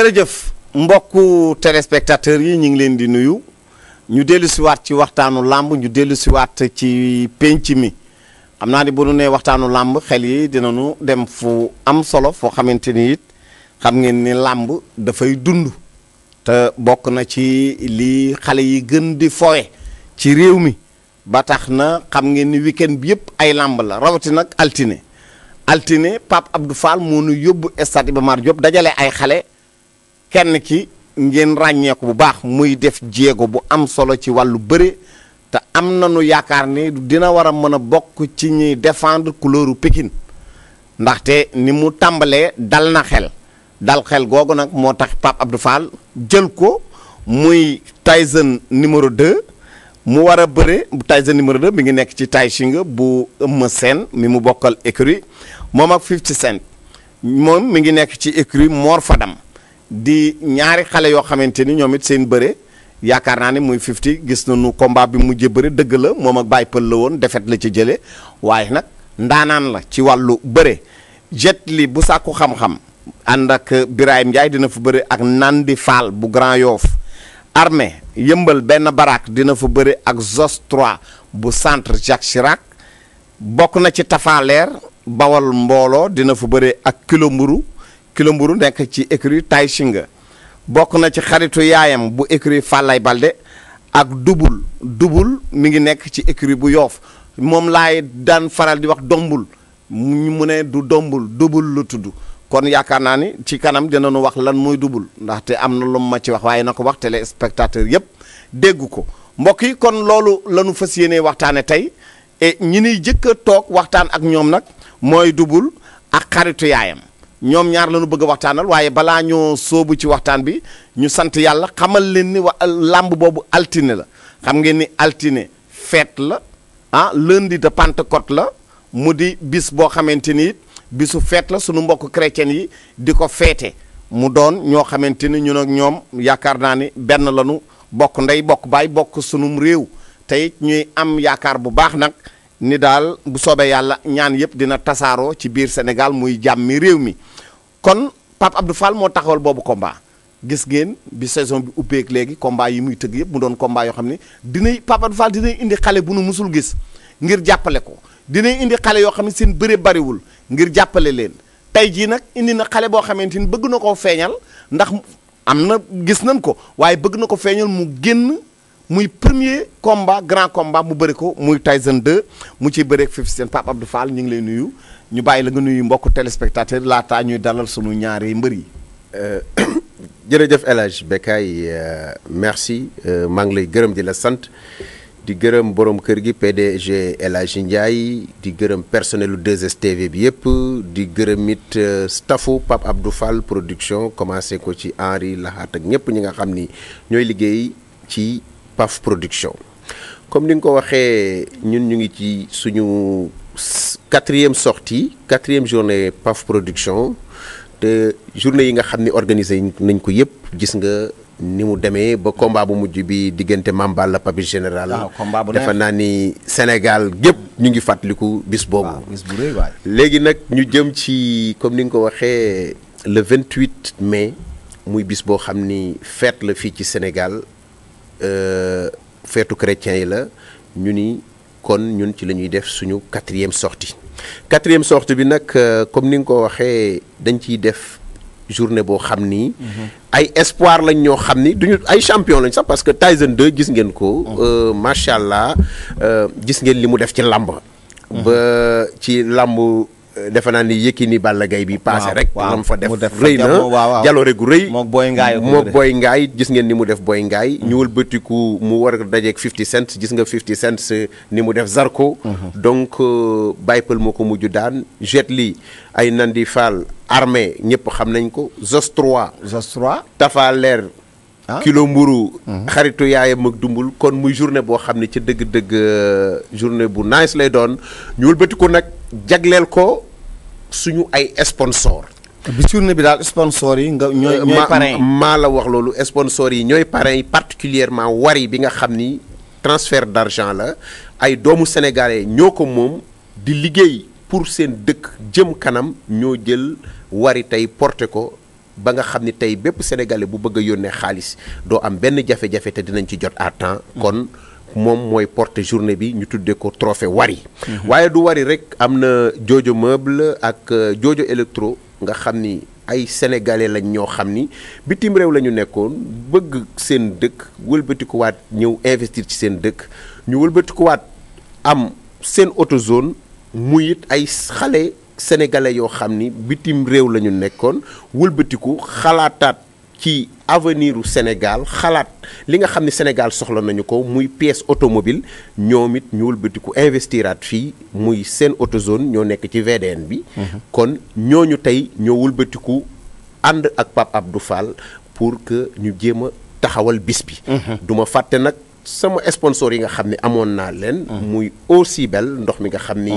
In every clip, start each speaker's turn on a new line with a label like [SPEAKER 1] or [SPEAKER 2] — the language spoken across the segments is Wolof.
[SPEAKER 1] jërëjëf mbokku téléspectateurs yi ñu ngi leen di nuyu ñu dellu ci waxtaanu làmb ñu dellu ci pénc mi xam naa ni bu waxtaanu làmb xel yi dinañu dem fu am solo foo xamante ni xam ngeen ni làmb dafay dund te bokk na ci li xale yi gën di fowe ci réew mi ba tax na xam ngeen ni week-end bi yëpp ay làmb la rawati nag altine altine Pape Abdou Fall moo nu yóbbu stade Iba Mar Diop dajale ay xale kenn ki ngeen ràññeeku bu baax muy def jéego bu am solo ci wàllu bëre te am na nañu yaakaar ni dina war a mën a bokk ci ñi défendre couleuru Pikine ndaxte ni mu tàmbalee dal na xel dal xel googu nag moo tax Pape Abdou Fall jël ko muy Tyson numéro 2 mu war a bu Tyson numéro 2 mi ngi nekk ci Tay Shinga bu Eumeu Sène mi mu bokkal écurie moom ak Fifty Cent moom mu ngi nekk ci écurie Mor Fadam di ñaari xale yoo xamante ni ñoomit seen bëre yaakaar naa ni muy fifti gis na nu combat bi mujjee bëre dëgg la moom ak Baye Pël la woon defet la ci jële waaye nag ndaanaan la ci wàllu bëre jet li bu sàkku xam-xam ànd ak Birahim Ndiaye dina fa bëre ak Nandi Fall bu Grand Yoff armée yëmbal benn baraak dina fa bëre ak Zos 3 bu centre Jacques Chirac bokk na ci Tafaaleer Bawal Mbooloo dina fa bëre ak Kilo Mburu kilo mburu nekk ci écurie Tay bokk na ci xaritu yaayam bu écurie Fallay Balde ak dubul dubul mi ngi nekk ci écurie bu yoof moom laay daan faral di wax dombul mu ne du dombul dubul lu tudd kon yaakaar naa ni ci kanam dinañu wax lan mooy dubul ndaxte am na lu ma ci wax waaye na ko wax téléspectateur yëpp dégg ko mbokk yi kon loolu lañu fas yéenee waxtaane tey et ñi niy jëkk a toog waxtaan ak ñoom nag mooy dubul ak xaritu yaayam ñoom ñaar lañu bëgg waxtaanal waaye balaa ñoo sóobu ci waxtaan bi ñu sant yàlla xamal leen ni wa làmb boobu altine la xam ngeen ni altine fête la ah lundi de Pentecôte la mu di bis boo xamante ni bisu fête la sunu mbokk chrétiens yi di ko feete mu doon ñoo xamante ni ñun ak ñoom yaakaar naa ni benn lañu bokk ndey bokk baay bokk sunum réew tey ñuy am yaakaar bu baax nag ni daal bu soobee yàlla ñaan yëpp dina tasaaroo ci biir Sénégal muy jàmmi réew mi kon Pape Abdou Fall moo taxawal boobu komba gis ngeen bi saison bi ubbeek léegi combat yi muy tëgg yëpp mu doon combat yoo xam ne dinay Pape Abdou Fall dinay indi xale bu nu musul gis ngir jàppale ko dinay indi xale yoo xam ne seen bëre bariwul ngir jàppale leen tey jii nag indi na xale boo xamante ni bëgg na koo feeñal ndax am na gis nañ ko waaye bëgg na ko feeñal mu génn. muy premier combat grand combat mu bëri ko muy Tyson deux mu ciy bëri Fifty Cent Pape Abdou Fall ñu ngi lay nuyu ñu bàyyi la nga nuyu mbokk téléspectateur laata ñuy dalal sunu ñaari mbër yi. Euh, jërëjëf El Hadj Bekay euh, merci euh, maa ngi lay gërëm di la sant di gërëm borom kër gi PDG El Hadj Ndiaye di gërëm personnelu 2STV bi yëpp di gërëm it staffu Pape Abdou Fall production commencé ko ci Henri Lahat ak ñëpp ñi nga xam ni ñooy liggéey ci. Paf Production comme ni nga ko waxee ñun ñu ngi ci suñu quatrième sortie quatrième journée Paf Production te journée yi nga xam ne organisé nañ ko yëpp gis nga ni mu demee ba combat bu mujj bi diggante Mambal la Papis Général defe naa ni Sénégal gépp ñu ngi fàttaliku bis boobu léegi nag ñu jëm ci comme ni nga ko waxee le 28 mai muy bis boo xam ni fête la fii ci Sénégal Euh, feetu chrétien yi la ñu ni kon ñun ci la ñuy def suñu quatrième soxti quatrième sortie bi nag euh, comme ni nga ko waxee dañ ciy def journée boo xam ni. Mhm. ay espoir lañ ñoo xam ni duñu ay champion lañ sax parce que Tyson 2 gis ngeen ko. Oh. Euh, macha allah gis ngeen li mu def ci làmb. Mhm. ba ci làmb. defe naa ni Yékini Balla Gaye bi. paase rek lam fa def rëy na jaloore gu rëy. moog Boy Ngaay moog Boy Ngaay gis ngeen ni mu def Boy Ngaay. Mm-hmm. ñëwal bëtiku mu war a dajeeg 50 cent gis nga 50 cent euh, ni mu def Zarko. Mm-hmm. donc euh, Baypal moo ko mujj daan Jet Li ay Nandi Fall armée ñëpp xam nañ ko Zos 3. Zos 3 Tafa ah. kilo mburu mm-hmm. xaritu yaayam ak dumbul kon muy journée boo xam ne ca dëgg-dëgg euh, journée bu nice lay doon ñu wëlbati nag jagleel ko suñu ay sponsor bi journée bi daal sponsor yi nga ñooy euh, ñooy maa la wax loolu sponsor yi ñooy parrain yi particulièrement wari bi nga xam ni transfert d'argent la ay doomu sénégalais ñoo ko moom di liggéey pour seen dëkk jëm kanam ñoo jël wari tey porté ko ba nga xam ni tey bépp sénégalais bu bëgg a yónnee xaalis doo am benn jafe-jafe te dinañ ci jot à temps kon moom mooy porte journée bi ñu tuddee ko trophée Wari. waaye du Wari rek am na Jojo Meuble ak euh, Jojo Electro nga xam ni ay sénégalais lañ ñoo xam ni bitim réew la ñu nekkoon bëgg seen dëkk wëlbatikuwaat ñëw investir ci seen dëkk ñu wëlbatikuwaat am seen autozone muy it ay xale sénégalais yoo xam ni bitim réew la ñu nekkoon wëlbatiku xalaataat. ci avenir u Sénégal xalaat li nga xam ne Sénégal soxla nañu ko muy pièce automobile ñoom it ñu wulbatiku investiraat fii muy seen autozone ñoo nekk ci VDN bi mhm. kon ñooñu tey ñoo wëlbatiku ànd ak Pape Abdou Fall pour que ñu jéem a taxawal bis bi mhm. duma fàtte nag sama sponsor yi nga xam ne amoon naa leen mhm. muy aussi bel ndox mi nga xam ni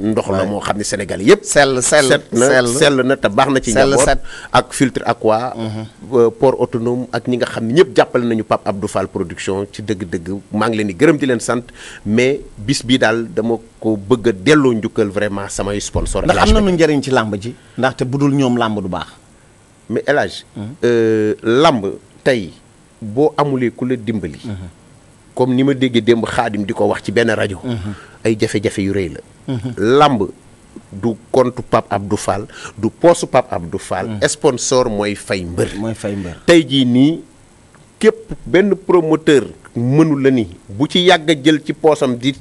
[SPEAKER 1] ndox la moo xam ne Sénégal yëpp. sell sell set na sell te baax na ci njaboot ak filtre aqua. Mhm. Euh, port autonome ak ñi nga xam ne ñëpp jàppale nañu Pape Abdou Fall production ci dëgg-dëgg maa ngi leen di gërëm di leen sant mais bis bii daal dama ko bëgg a delloo njukkal vraiment samay sponsor ndax am na nu njariñ ci làmb ji ndaxte bu dul ñoom làmb du baax. mais El Hadj mhm. euh, làmb tey boo amulee ku la dimbali. Mhm. comme ni ma déggee démb xaadim di ko wax ci benn rajo. ay jafe-jafe yu rëy la. làmb du compte Pape Abdou Fall du poste Pape Abdou Fall. Mm. sponsor mooy fay mbër. mooy fay mbër tey jii nii képp benn promoteur mënu la ni bu ci yàgg jël ci poosam di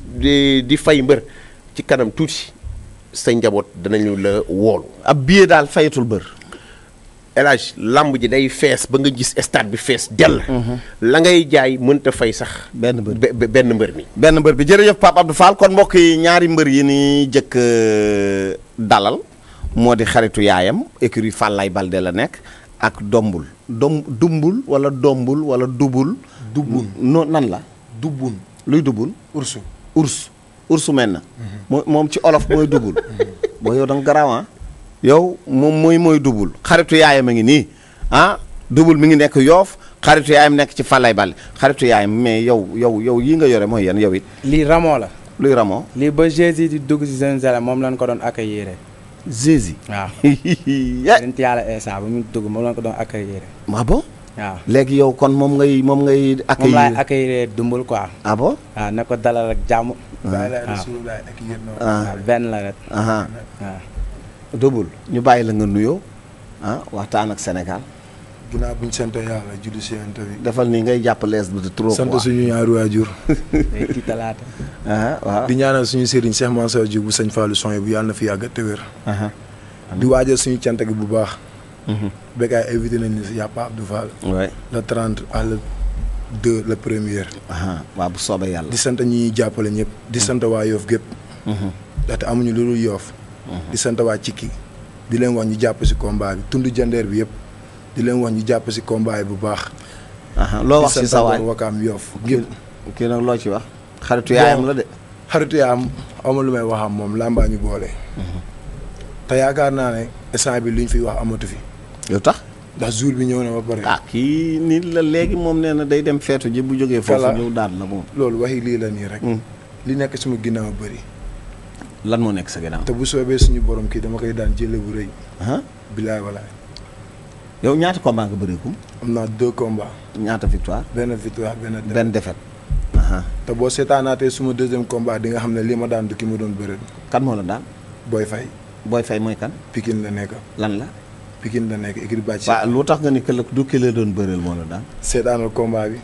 [SPEAKER 1] di fay mbër ci kanam tuuti sa njaboot danañu la woolu ab billet daal fayatul mbër. elage lamb ji day fees ba nga gis stade bi fees dell. la ngay jaay mënta fay sax. benn mbër benn mbër bi. benn mbër bi jërëjëf Pape Abdou Fall kon mbokk yi ñaari mbër yi ni jëkk euh, dalal moo di xaritu yaayam écurie Fallaye Balde la nekk ak dombul dom dumbul wala dombul wala dubul. dubul non nan la. dubul luy dubul. ursu urs ursu mel na. Mhm. moom ci olof mooy dubul. Mhm. boo yow da nga yow moom mooy mooy dubul xaritu yaayam a ngi nii ah dubul mi ngi nekk yoof xaritu yaayam nekk ci falay bal xaritu yaayam mais yow yow yow yi nga yore mooy yan yow it. lii rameau la. luy rameau. lii ba Jésus
[SPEAKER 2] di dugg si Jérusalem moom lañ ko doon accueillir. Jésus. waaw. yéen yàlla Eesa ba mu dugg moom lañ ko doon accueillir.
[SPEAKER 1] ah bon. waaw léegi yow kon moom ngay moom ngay. accueillir moom laay
[SPEAKER 2] accueillir dumbul quoi. ah bon waaw na ko dalal ak jàmm. Ah.
[SPEAKER 1] Ah. benn la rek. Ah. waaw. dëbul ñu bàyyi la nga nuyoo
[SPEAKER 3] ah waxtaan ak Sénégal. ginnaaw bu ñu sant yàlla julli si interview. defal ni ngay jàppalees bi de trop. sant suñu ñaari waajur. ci talaata. Ah, waaw di ñaanal suñu sëriñ Cheikh sa Diouf bu sëñ Fallou son bu yàlla fi yàgg te wér. di waajal suñu cant gi bu baax. Mhm. béykat yi évité nañu si yàpp Abdou Fall. waay le 30 à le 2 première. waa bu soobee yàlla. di sant ñi jàppale ñëpp. di mhm. sant waa Yoff gépp. Mhm. ndaxte amuñu lu dul Yoff. di sant waa Cikki di leen wax ñu jàpp si combat bi tund jandeer bi yëpp di leen wax ñu jàpp si combat bu baax.
[SPEAKER 1] loo wax si sa waay wakaam
[SPEAKER 3] yoof gépp kii loo ci wax. xaritu yaayam la de. xaritu yaayam amul lu waxam moom làmbaa ñu boole. Mhm. yaakaar naa ne instant bi luñ fiy wax amatu fi. yow tax ndax jour bi ñëw na ba pare. ah kii nii la léegi moom nee na day dem feetu ji bu jógee. foofu ñëw daan la moom. loolu waxi lii la nii rek. Mm. li nekk suma ginnaaw bari
[SPEAKER 1] lan moo nekk sa gànnaaw. te
[SPEAKER 3] bu soobee suñu borom kii dama koy daan jëlee bu rëy. bilaay walaay. yow ñaata combat nga bëreekum. am naa deux combats. ñaata victoire. benn victoire benn défaite benn défaite. te boo seetaanaatee suma deuxième combat di nga xam ne li ma daan du ki ma doon bëreet. kan moo la daan. Boy Faye. Boy Faye mooy la nekk. lan la. Pikine la nekk écurie Bathie. waaw lu tax ni këll du ki doon bëreel moo la daan. seetaanal combat bi.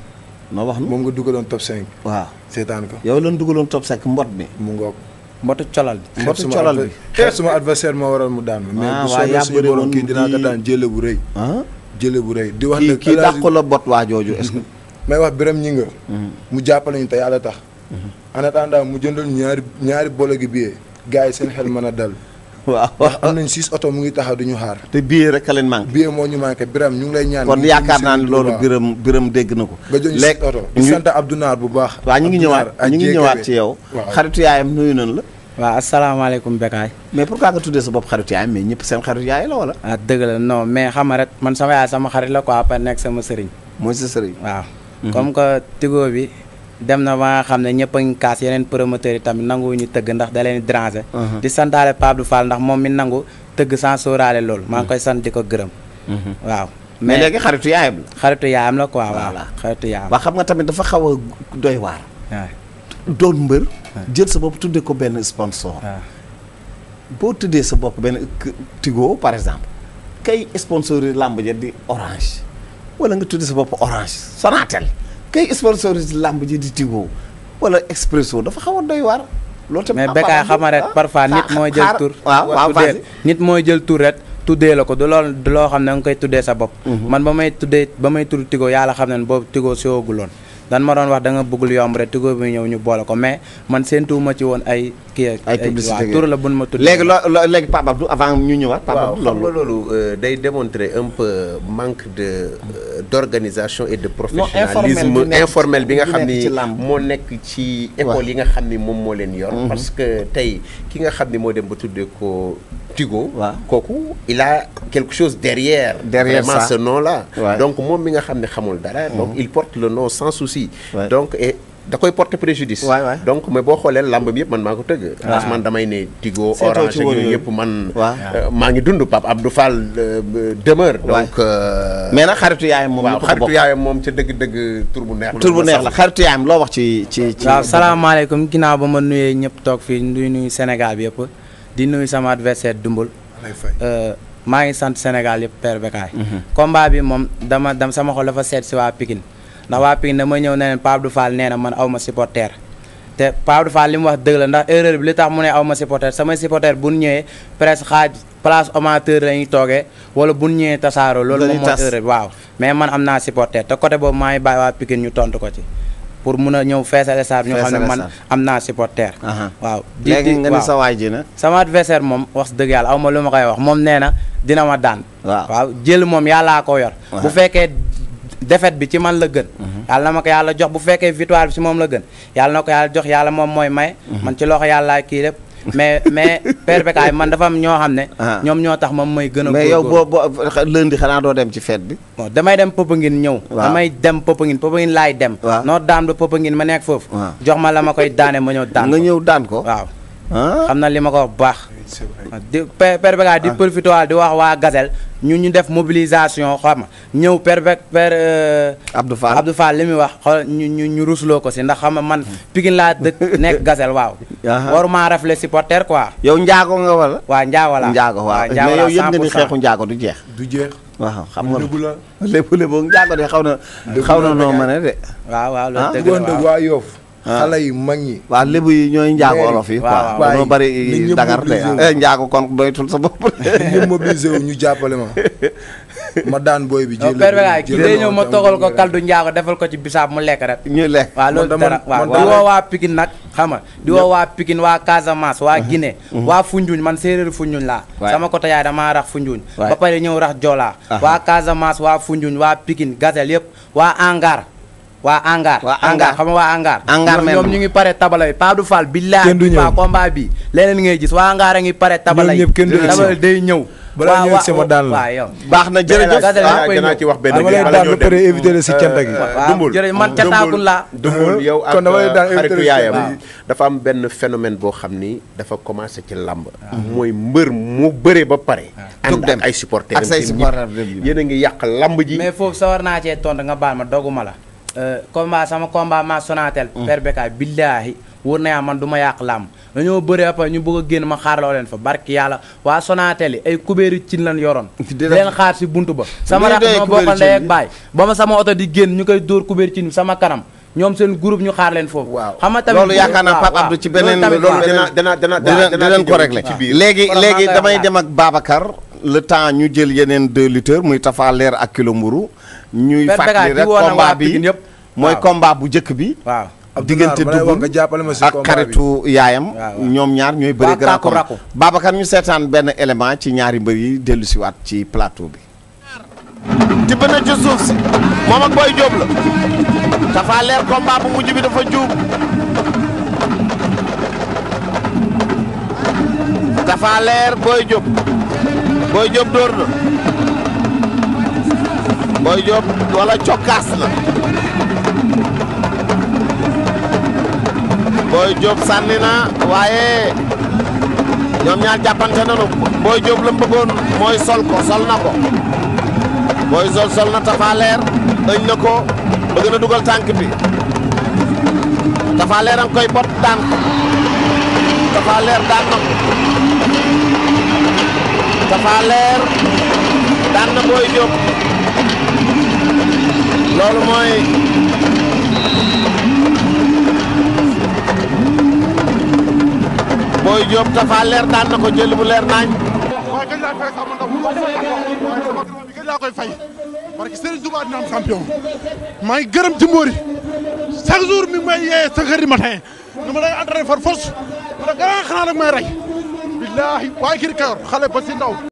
[SPEAKER 3] noo wax moom nga dugaloon top 5. waaw seetaan ko. yow lan dugaloon top 5 mbot mi. mu ngook mbotu colal bi. mbotu colal bi xeex eh, suma adversaire moo waral mu daan. ma ah, waaw yaa bëri woon mais bu soobee suñu borom kii dinaa ko daan jële bu rëy. Ah? jële bu rëy di wax ne. kii dàq la bot waa jooju est-ce que. may wax biram ñi nga. Mhm. mu jàppale ñu te yàlla tax. Mhm. en attendant mu jëndal ñaari ñaari bolo gi billet. gars yi seen xel mën a dal. waaw ndax am nañ six oto mu ngi taxaw di ñu xaar.
[SPEAKER 1] te bii rek a leen manqué.
[SPEAKER 3] billet moo ñu manqué Birame ñu ngi lay ñaan. kon yaakaar naa ne loolu
[SPEAKER 1] Birame Birame dégg na ko. ba jël six oto
[SPEAKER 3] di bu baax. waaw ñu ngi ñëwaat ñu ngi ñëwaat ci yow. xaritu
[SPEAKER 1] yaayam nuyu nañ la.
[SPEAKER 2] waaw asalaamaaleykum Bécaye. mais pourquoi nga tuddee sa bopp xaritu yaayam mais ñëpp seen xaritu yaay la wala. ah dëgg la non mais xam nga rek man sama yaay sama xarit la quoi après nekk sama sëriñ. mooy sa sëriñ. waaw mhm. comme que tigo bi dem na ba nga xam ne ñëpp a ngi kaas yeneen promoteurs yi tamit nanguwuñu tëgg ndax da leen déranger uh-huh. di santaale Pape Fall ndax moom mi nangu tëgg sans sóoraale loolu maa ngi uh-huh. koy sant di ko gërëm uh-huh.
[SPEAKER 1] waaw mais léegi xaritu
[SPEAKER 2] yaayam la xaritu yaayam la quoi waaw
[SPEAKER 1] xaritu yaayam waa xam nga tamit dafa xaw a doy waar doon mbër jël sa bopp tudde ko benn sponsor boo tuddee sa bopp benn Tigo par exemple kay sponsor yi làmb ja di orange wala nga tuddee sa bopp orange Sonatel kay sponsorise làmb ji di Tigo wala Expresso dafa xaw a doy waar. loolu tamit mais Bécaye xama
[SPEAKER 2] ret parfois ah, nit mooy jël tur waaw waaw nit mooy jël tur ret tuddee la ko du lool du loo xam ne nga koy tuddee sa bopp mhm. man ba may tuddee ba may tudd Tigo yàlla xam ne boobu Tigo siwooguloon dan ma doon wax da nga bëggul yomb rek Tigo bi ñëw ñu boole ko mais man séentuwuma ci woon ay kii ay publicité tur la buñ
[SPEAKER 1] ma tudd léegi loo léegi Pape Abdou avant ñu ñëwaat Pape Abdou loolu euh, day démontrer un peu manque de euh, d'organisation et de professionnalisme informel bi nga xam ni moo nekk ci yi nga xam ni moom moo leen yor mhm. parce que tey ki nga xam ni moo dem ba tuddee ko Tigo waa kooku il a quelque chose derrière derrière vraiment ça. ce nom là ouais. donc moom mi nga xam ne xamul dara mhm. donc il porte le nom sans souci ouais. donc et da koy porter préjudice donc mais boo xoolee lamb bi yëpp man maa ko tëgg ah. man damay ne Tigo Orange ak yooyu yëpp man euh, maa ngi dund Pape Abdou Fall euh, demeure donc euh, mais nag xaritu yaayam moom waaw xaritu yaayam moom ca dëgg-dëgg tur bu neex tur bu neex la xaritu yaayam loo wax ci ci ci salaamaaleykum
[SPEAKER 2] ginnaaw ba ma nuyee ñëpp toog fii nuyu nuyu Sénégal bi yëpp di nuyu sama adversaire Dumbul. Euh, maa ngi sant Sénégal yëpp Père Bécaye. Mhm. combat bi moom dama dam sama xol dafa seet si waa Pikine ndax waa Pikine dama ñëw ne leen Pape Abdou Fall nee na man aw ma supporter te Pape Abdou Fall li mu wax dëgg la ndax erreur bi li tax mu ne aw ma supporter samay supporter bu ñëwee presque xaaj place amateur la ñuy toogee wala bu ñëwee tasaaroo. loolu moom mooy waaw mais man am naa supporter te côté boobu maa ngi bàyyi waa Pikine ñu tontu ko ci. pour mun a ñëw feesale saar ñu xam ne man am naa supporter waaw léegi nga ne sa waay ji na sama adversaire moom wax dëgg yàlla aw ma lu ma koy wax moom neena dina ma daan waaw jël moom yàllaa ko yor bu fekkee défaite bi ci man la gën mhm. yàlla na ma ko yàlla jox bu fekkee victoire bi ci moom la gën yàlla na ko yàlla jox yàlla moom mooy may mhm. man ci loxo yàlla kii lépp mais mais père man dafa am ñoo xam ne. Ah. ñoom ñoo tax ma may gën a. mais yow boo boo lundi xanaa doo dem ci feet bi. bon damay dem Popenguine ñëw. damay dem Popenguine Popenguine laay dem. waaw noo daan ba Popenguine ma nekk foofu. jox ma la ma koy daane ma ñëw daan ñëw daan ko waaw. xam na li ma ko bu baax. Ah, di per per di ah. profité di wax waa Gazel ñu ñu def mobilisation xam ñëw per per. Euh, Abdou Fall Abdou Fall li muy wax xool ñu ñu rusloo ko si ndax xam nga man. Pikine laa dëkk nekk Gazel waaw. waruma rafle supporter
[SPEAKER 1] quoi. yow njaago nga wala. waaw njaago la njaago waaw njaago du jeex. du xam
[SPEAKER 3] nga lépp la xaw na. xaw na noo mën a de. waaw waaw loolu ah? dëgg la waaw Ah. xale yi mag ñi waaw lébu yi ñooy njaago olof yi waaw dañoo bëri dagar te njaago kon moytul sa bopp ma daan booy bi jël ki day ñëw ma toogal ko
[SPEAKER 2] kaldu njaago defal ko ci bisaab mu lekk rek ñu lekk waaw loolu dara waaw di woo waa Pikine nag xam nga di woo waa Pikine waa Casamance waa mhm. Guinée mhm. waa Foundiougne man séeréer Foundiougne sama côté yaay damaa rax Foundiougne ba ñëw rax Joola waa Casamance waa Foundiougne waa Pikine Gazel yëpp waa Angar waa ANCAR. waa ANCAR xam nga waa ANCAR. ANCAR même ñu ngi pare tabala yi Pape Abdou Fall. kenn du ñëw billaay combat bi leneen ngay gis waa ANCAR a ngi pare tabala yi. ñoom ñëpp kenn du
[SPEAKER 3] balaa ñëw sama daal yow. baax na jërëjëf ah danaa ci wax benn gi balaa ñëw dem éviter la si cant gi. Ah, ah,
[SPEAKER 1] dumbul jërëjëf laa. dumbul ah, yow ak euh, xaritu yaayam dafa am benn phénomène boo xam ni dafa commencé ci làmb. mooy mbër mu bëree ba pare. ànd ak ay supporters ak say supporters yéen
[SPEAKER 2] ngi yàq làmb ji. mais sawar naa cee tontu nga baal ma doguma la Euh, combat sama combat ma Sonatel. Mm. per Bekaay billaahi wóor na yaa man du ma yàq làmb dañoo bëree fa ñu bëgg a génn ma xaarloo leen fa barki yàlla waa Sonatel ay kubéeri cin lan yoroon leen xaar si buntu ba sama rakk ma bokkal ndey ak baay ba ma sama oto di génn ñu koy dóor kubéeri cin sama kanam ñoom seen groupe ñu xaar leen foofu waaw xam nga tamit loolu yaakaar naa Pape Abdou ci beneen loolu dina
[SPEAKER 1] dina dina dina leen ko régler léegi léegi damay dem ak Babacar le temps ñu jël yeneen deux lutteurs muy Tafa Leer ak Kilo Mburu mooy combat bu njëkk bi. waaw diggante dugub ak xaritu yaayam. ñoom ñaar ñooy bëri grand combat Babacar ñu seetaan benn élément ci ñaari mbër yi dellu si waat ci plateau bi. tibb na moom ak Boy Diop la dafa bu mujj bi dafa juub dafa leer Boy Diop Boy dóor na. Boy Diop wala cokkaas na Boy Diop sànni waaye ñoom ñaar jàppante nanu Boy Diop la mooy sol ko sol na ko Boy Sol sol na Tapha Leer ëñ na ko bëgg na dugal tànk bi Tapha koy bot daan ko daan na ko daan na Boy Diop loolu mooy Boy Diop Tapha Leer daan na ko jël bu leer naañ. waaye gëj naa fay sama koy fay parce que Serigne Touba dina champion maa ngi gërëm ci mbóori
[SPEAKER 3] chaque jour mi may yee sa xëri matin nu ma lay entraîné far force ma ne gannaaw xanaa may rey billaahi waaye kii di xale ba si